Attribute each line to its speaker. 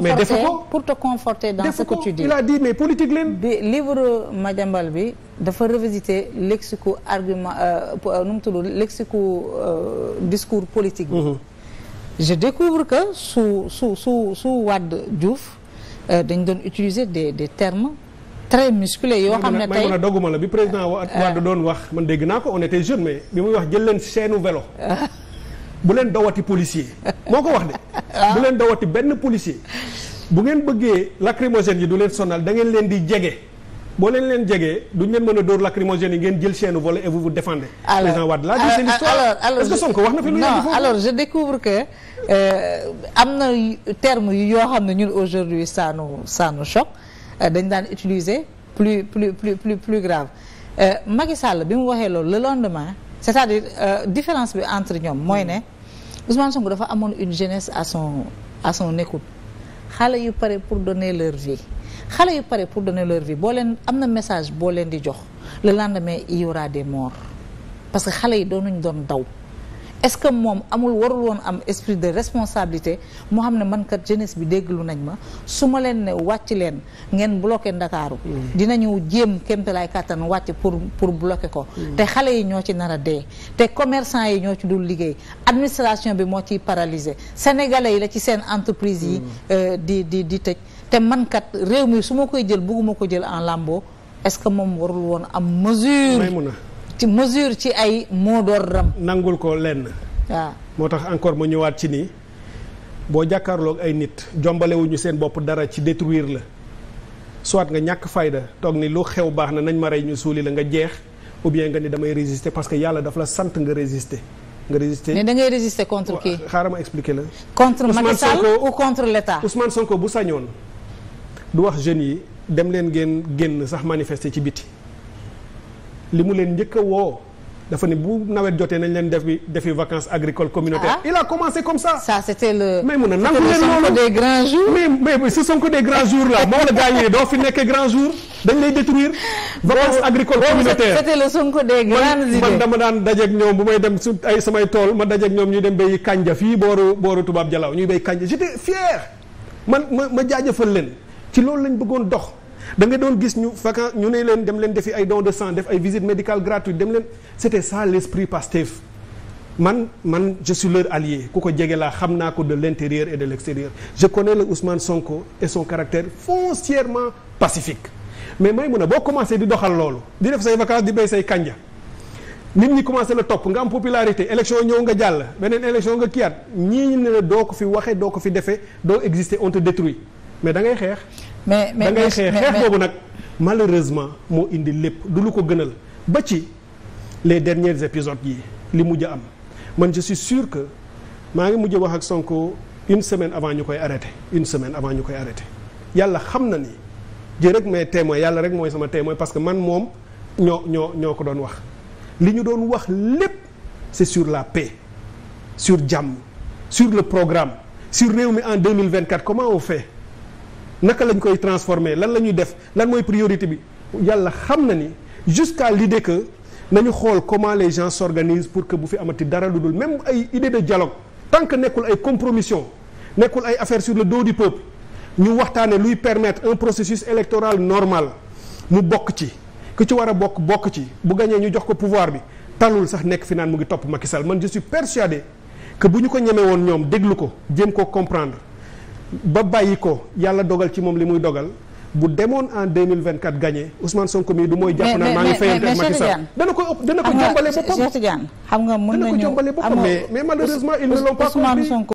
Speaker 1: mais defu ko pour te conforter dans ce que tu dis il a dit mais politique leen. bi livre Madiambal bi dafa revisiter lexico argument euh, euh, nu mu tudd lexico euh, discours politique bi. Mhm. je découvre que su su su su Wade Diouf dañ doon utiliser des des termes très musclés yoo xam ne tey may
Speaker 2: dogguma la bi président Wade doon wax man dégg naa ko on était jeune mais bi muy wax jël leen seenu vélo. bu leen dawati policier moo ko wax de. Ah. bu leen dawati benn policier. bu ngeen bëggee lacrymogène yi du leen sonal da ngeen leen di jege. boo leen leen jegee duñ leen mën a dóor lacrymogène yi ngeen jël chaîne volet et vous vous défendez. alors président Wade laaj ah, seen ah, histoire wax na fi lu non alors je
Speaker 1: découvre que euh, am na terme yu yoo xam ne ñun aujourd'hui ça nous ça nous choque euh, dañ daan utiliser plus plus plus plus plus grave euh, Macky Sall bi mu waxee loolu la lendemain c'est-à-dire différence bi entre ñoom mooy ne. Ousmane Sonko dafa amoon une jeunesse à son à son écoute xale yu pare pour donner leur vie xale yu pare pour donner leur vie boo leen am na message boo leen di jox le lendemain il y aura parce que xale yi doonuñ doon daw. est-ce que moom amul warul woon am esprit de responsabilité moo xam ne mankat kat jeunesse bi dégglu nañ ma su ma leen ne wàcc leen ngeen bloqué Ndakaaru mm. dinañu jéem kémtalaay kàttan wàcc pour pour bloqué ko mm. te xale yi ñoo ci nar a dee te commerçant yi ñoo ci dul liggéey administration bi moo ciy paralysé sénégalais yi la ci seen entreprise yi mm. euh, di di di tëj te mankat réew mi su ma koy jël bugguma ko jël en lambo est-ce que moom
Speaker 2: warul woon am mesure ci mesure ci ay mot d'ordre am nangul ko lenn waaw moo tax encore ma ñëwaat ci nii boo jàkkaarloog ay nit jombalewuñu seen bopp dara ci détruire la soit nga ñàkk fayda toog ni lu xew baax na nañ ma rey ñu suuli la nga jeex ou bien nga ni damay résister parce que yàlla daf la sant nga résister nga résister mais da
Speaker 1: ngay résister contre qui
Speaker 2: xaaral ma expliquer la. contre Macky Sall
Speaker 1: ou contre l'État Ousmane
Speaker 2: Sonko bu sañoon du wax jeunes yi dem leen ngeen génn sax manifester ci biti. li mu leen njëkk a woo dafa ne bu nawet jotee nañ leen def bi defi vacance agricole communautaires. Ah. il a commencé comme ça. ça mais mun a nangu leen loolu des grands jours. mais mais ce sont que des grands jours la gars doo fi nekkee grands jours dañ lay détruire. vacances agricoles communautaires c'était le Sonko des man dama daan dajeek ñoom bu may dem su ay samay tool ma dajeek ñoom ñuy dem béyi kanja fii booru booru tubaab jalaw ñuy béy kanja j'étais fier man ma ma jaajëfal leen ci loolu lañ bëggoon dox. da nga doon gis ñu vacances ñu ne leen dem leen def defi ay don de sang def ay visite médicale gratuite dem leen c'était ça l'esprit Pastef man man je suis leur allié ku ko jege laa xam naa ko de l'intérieur et de l'extérieur je connais le Ousmane Sonko et son caractère foncièrement pacifique mais may mun a boo commencé di doxal loolu di def say vacances di béy say kanja nit ñi commencé la topp nga am popularité élection ñëw nga jàll beneen élection nga kiyaat ñii doo ko fi waxee doo ko fi defee doo exister on te détruit mais da ngay xeex mais mais da ngay xeex xeex boobu nag malheureusement moo indi lépp du lu ko gënal ba ci les derniers épisodes yi li mujj am man je suis sûr que maa ngi mujj wax ak Sonko une semaine avant ñu koy arrêté une semaine avant ñu koy arrêté yàlla xam na ni jë rek may témoin yàlla rek mooy sama témoin parce que man moom ñoo ñoo ñoo ko doon wax li ñu doon wax lépp c'est sur la paix sur jàmm sur le programme sur réew mi en 2024 comment on fait naka lañ koy transformer lan la ñuy def lan mooy priorité bi yàlla xam na ni jusqu'à l'idée que nañu xool comment les gens s'organisent pour que bu fi amati dara lu dul même ay idée de dialogue tant que nekkul ay compromission nekkul ay affaire sur le dos du peuple ñu waxtaane luy permettre un processus électoral normal mu bokk ci ki ci war a bokk bokk ci bu gañee ñu jox ko pouvoir bi talul sax nekk fi naan mu ngi topp Macky Sall man je suis persuadé que bu ñu ko ñeme woon ñoom déglu ko jéem koo comprendre ba bàyyi ko yàlla dogal ci moom li muy dogal bu demoon en 2024 gagné Ousmane Sonko mii du mooy jàpp naa maa ngi fayante ak Macky Sall dana ko ëpp dana ko jàmbale boppam
Speaker 1: xam nga mën nañu dana ko jàmbale boppam mais